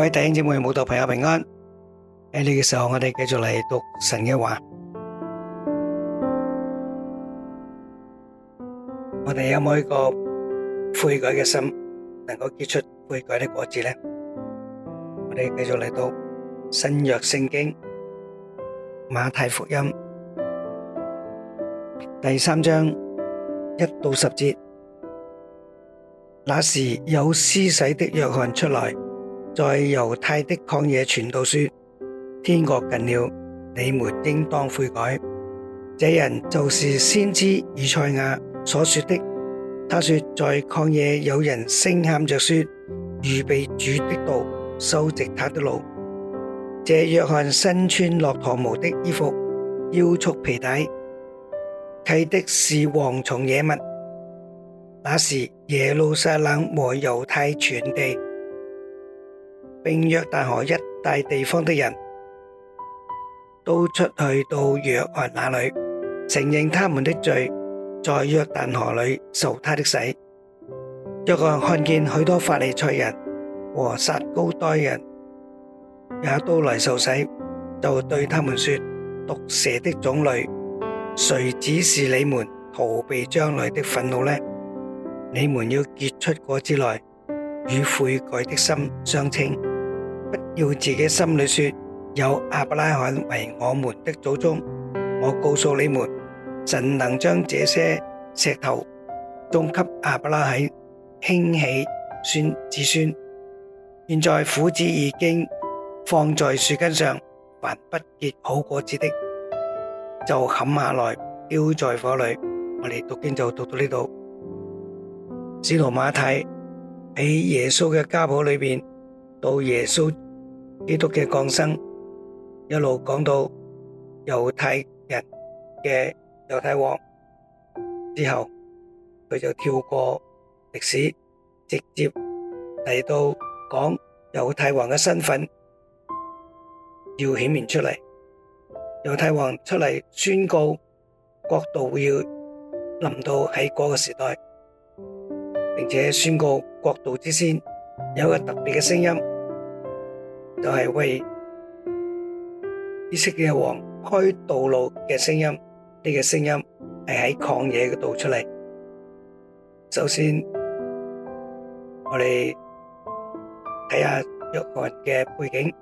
各位弟兄姊妹，慕道朋友平安。喺呢個時候，我哋繼續嚟讀神嘅話。我哋有冇一個悔改嘅心，能夠結出悔改的果子呢？我哋繼續嚟讀新約聖經馬太福音第三章一到十節。那時有施洗的約翰出來。在猶太的曠野傳道說：天國近了，你們應當悔改。這人就是先知以賽亞所說的。他說：在曠野有人聲喊着說：預備主的道，修直他的路。這約翰身穿駱駝毛的衣服，腰束皮帶，系的是蝗蟲野物。那時，耶路撒冷和猶太全地。並約但河一帶地方的人都出去到約翰那裏，承認他們的罪，在約但河裏受他的洗。約翰看見許多法利賽人和撒高多人也都來受洗，就對他們說：毒蛇的種類，誰指示你們逃避將來的憤怒呢？你們要結出果子來，與悔改的心相稱。不要自己心裏說，有亞伯拉罕為我們的祖宗。我告訴你們，神能將這些石頭種給亞伯拉罕興起孫子孫。現在斧子已經放在樹根上，還不結好果，果子的，就砍下來丟在火裏。我哋讀經就讀到呢度。小羅馬太喺耶穌嘅家譜裏邊。到耶穌基督嘅降生，一路講到猶太人嘅猶太王之後，佢就跳過歷史，直接嚟到講猶太王嘅身份要顯現出嚟。猶太王出嚟宣告國度會要臨到喺嗰個時代，並且宣告國度之先有一個特別嘅聲音。就係為以色列王開道路嘅聲音，呢個聲音係喺曠野嘅度，出嚟。首先，我哋睇下約翰嘅背景。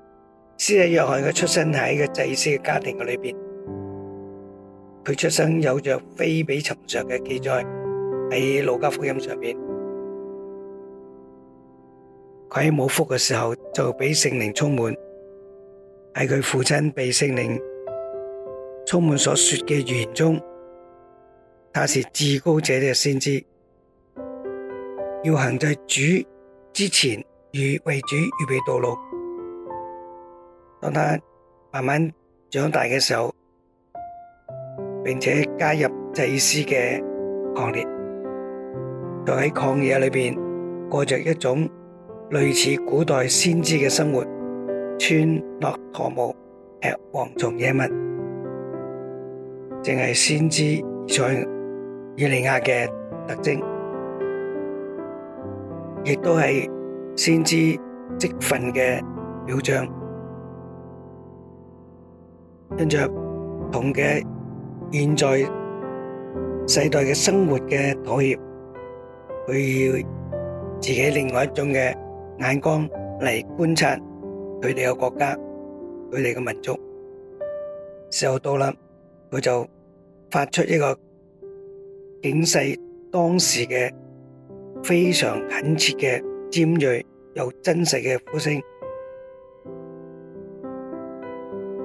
先係約翰嘅出身喺個祭司嘅家庭嘅裏面，佢出生有着非比尋常嘅記載喺《路加福音》上面。喺母腹嘅時候就俾聖靈充滿，喺佢父親被聖靈充滿所說嘅預言中，他是至高者嘅先知，要行在主之前與為主預備道路。當他慢慢長大嘅時候，並且加入祭司嘅行列，就喺曠野裏邊過着一種。類似古代先知的生活，穿駱駝毛，吃蝗蟲野物，淨係先知在以利亞的特徵，也是先知積憤的表象，跟着同的現在世代的生活的妥協，他要自己另外一種的眼光嚟觀察佢哋嘅國家、佢哋嘅民族，時候到啦，佢就發出一個警示，當時嘅非常懇切嘅尖銳又真實嘅呼聲。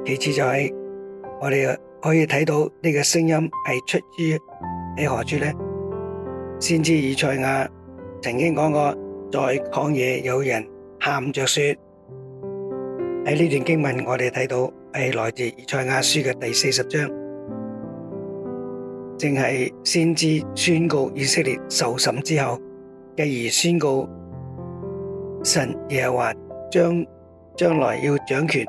其次就係我哋可以睇到呢個聲音係出自喺何處呢？先知以賽亞曾經講過。在曠野有人喊着說：喺呢段經文我們看，我哋睇到係來自以賽亞書嘅第四十章，正係先知宣告以色列受審之後，繼而宣告神耶和華將將來要掌權。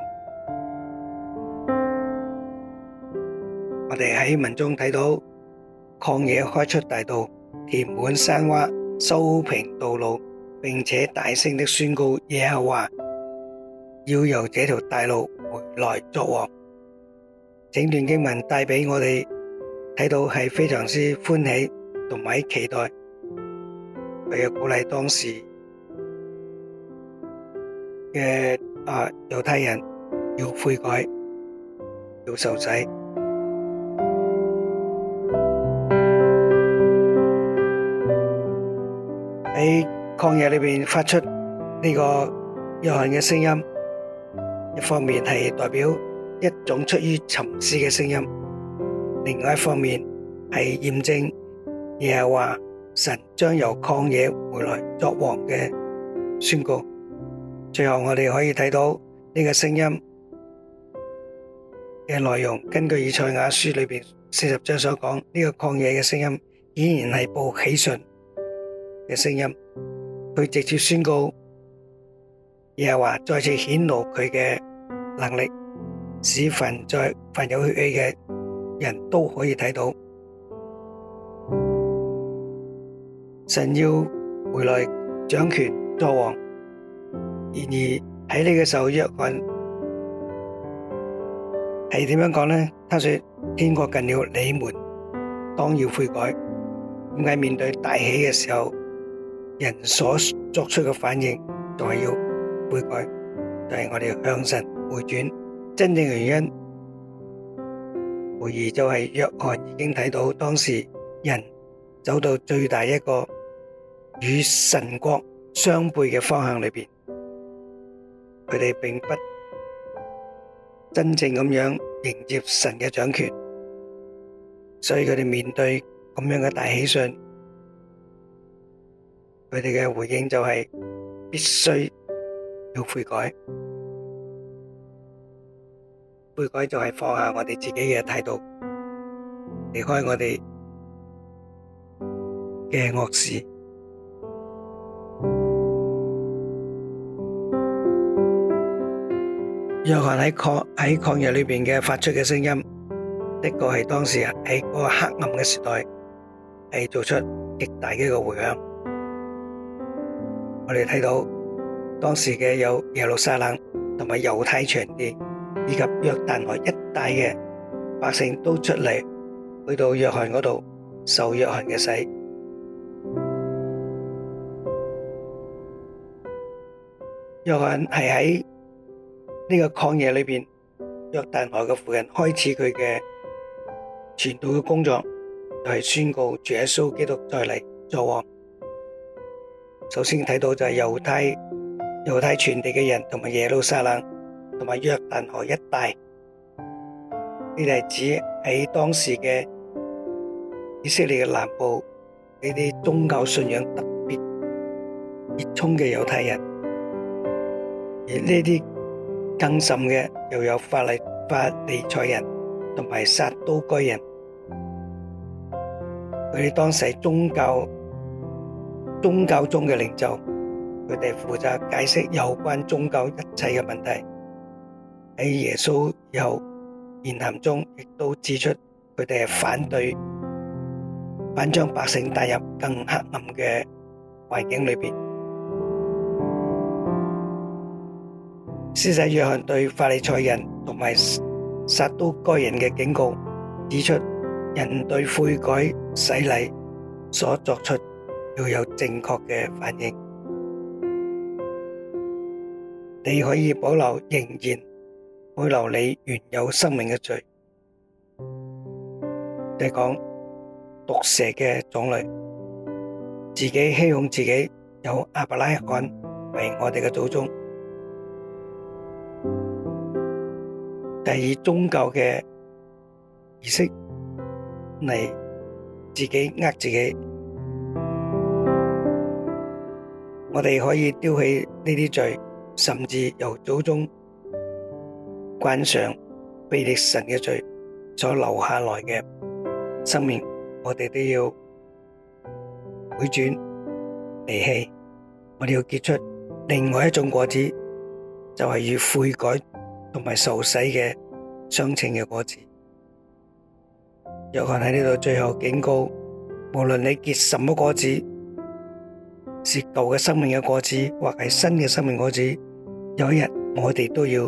我哋喺文中睇到曠野開出大道，填滿山窪，修平道路。並且大聲的宣告耶和華要由這條大路回來作王。整段經文帶畀我哋睇到係非常之歡喜同埋期待，為咗鼓勵當時嘅啊猶太人要悔改、要受洗。誒。曠野裏邊發出呢個約翰嘅聲音，一方面係代表一種出於沉思嘅聲音，另外一方面係驗證，而係話神將由曠野回來作王嘅宣告。最後我哋可以睇到呢個聲音嘅內容，根據以賽亞書裏邊四十章所講，呢個曠野嘅聲音依然係報喜訊嘅聲音。佢直接宣告，而係話再次顯露佢嘅能力，使凡在凡有血氣嘅人都可以睇到，神要回來掌權作王。然而喺呢個時候，約翰，係點樣講呢？他說：天國近了，你們當要悔改。點解面對大喜嘅時候？人所作出嘅反應仲係要悔改，但係我哋要向神回轉。真正嘅原因，無疑就係約翰已經睇到當時人走到最大一個與神國相背嘅方向裏面，佢哋並不真正咁樣迎接神嘅掌權，所以佢哋面對咁樣嘅大喜訊。佢哋嘅回應就係必須要悔改，悔改就係放下我哋自己嘅態度，離開我哋嘅惡事。約翰喺抗喺抗日裏面嘅發出嘅聲音，的確係當時喺嗰個黑暗嘅時代，係做出極大嘅一個回響。我哋睇到當時嘅有耶路撒冷同埋猶太全地，以及約旦河一帶嘅百姓都出嚟，去到約翰嗰度受約翰嘅洗。約翰係喺呢個曠野裏邊，約旦河嘅附近開始佢嘅傳道嘅工作，就係宣告主耶穌基督再嚟作王。首先睇到就係猶太、猶太全地嘅人，同埋耶路撒冷同埋約旦河一帶，呢啲係指喺當時嘅以色列嘅南部，呢啲宗教信仰特別熱衷嘅猶太人。而呢啲更甚嘅又有法利、法利賽人同埋撒都該人，佢哋當時喺宗教。宗教中嘅領袖，佢哋負責解釋有關宗教一切嘅問題。喺耶穌有言談中，亦都指出佢哋係反對，反將百姓帶入更黑暗嘅環境裏邊。施洗約翰對法利賽人同埋撒都該人嘅警告，指出人對悔改洗禮所作出。要有正確嘅反應，你可以保留仍然保留你原有生命嘅罪，即係講毒蛇嘅種類，自己希望自己有亞伯拉罕為我哋嘅祖宗，第二，宗教嘅儀式嚟自己呃自己。我哋可以丟棄呢啲罪，甚至由祖宗慣常悖逆神嘅罪所留下來嘅生命，我哋都要回轉離棄。我哋要結出另外一種果子，就係、是、以悔改同埋受洗嘅相稱嘅果子。約翰喺呢度最後警告，無論你結什麼果子。是舊嘅生命嘅果子，或係新嘅生命果子。有一日我哋都要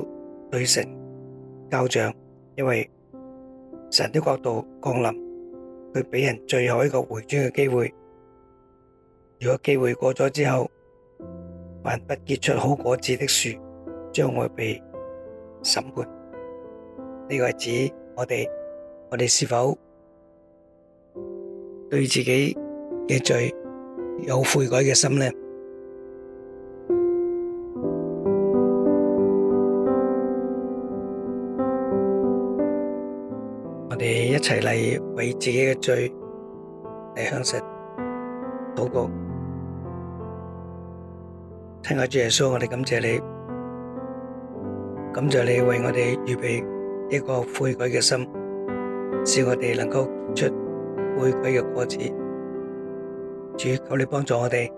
對神交賬，因為神的國度降臨，佢俾人最後一個回轉嘅機會。如果機會過咗之後，凡不結出好果子的樹，將會被審判。呢、這個係指我哋，我哋是否對自己嘅罪有悔改的心呢？我們一起來為自己的罪，主，求你幫助我哋，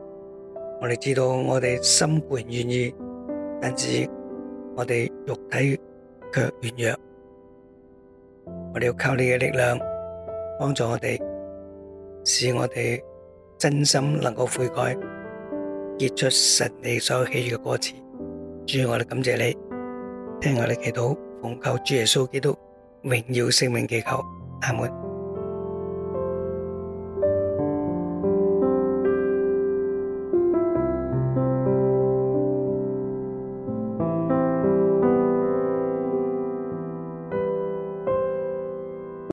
我哋知道我哋心固然願意，但是我哋肉體卻軟弱，我哋要靠你嘅力量幫助我哋，使我哋真心能夠悔改，結出神你所喜悅嘅果子。主，我哋感謝你，聽我哋祈禱，奉求主耶穌基督榮耀聖名祈求，阿門。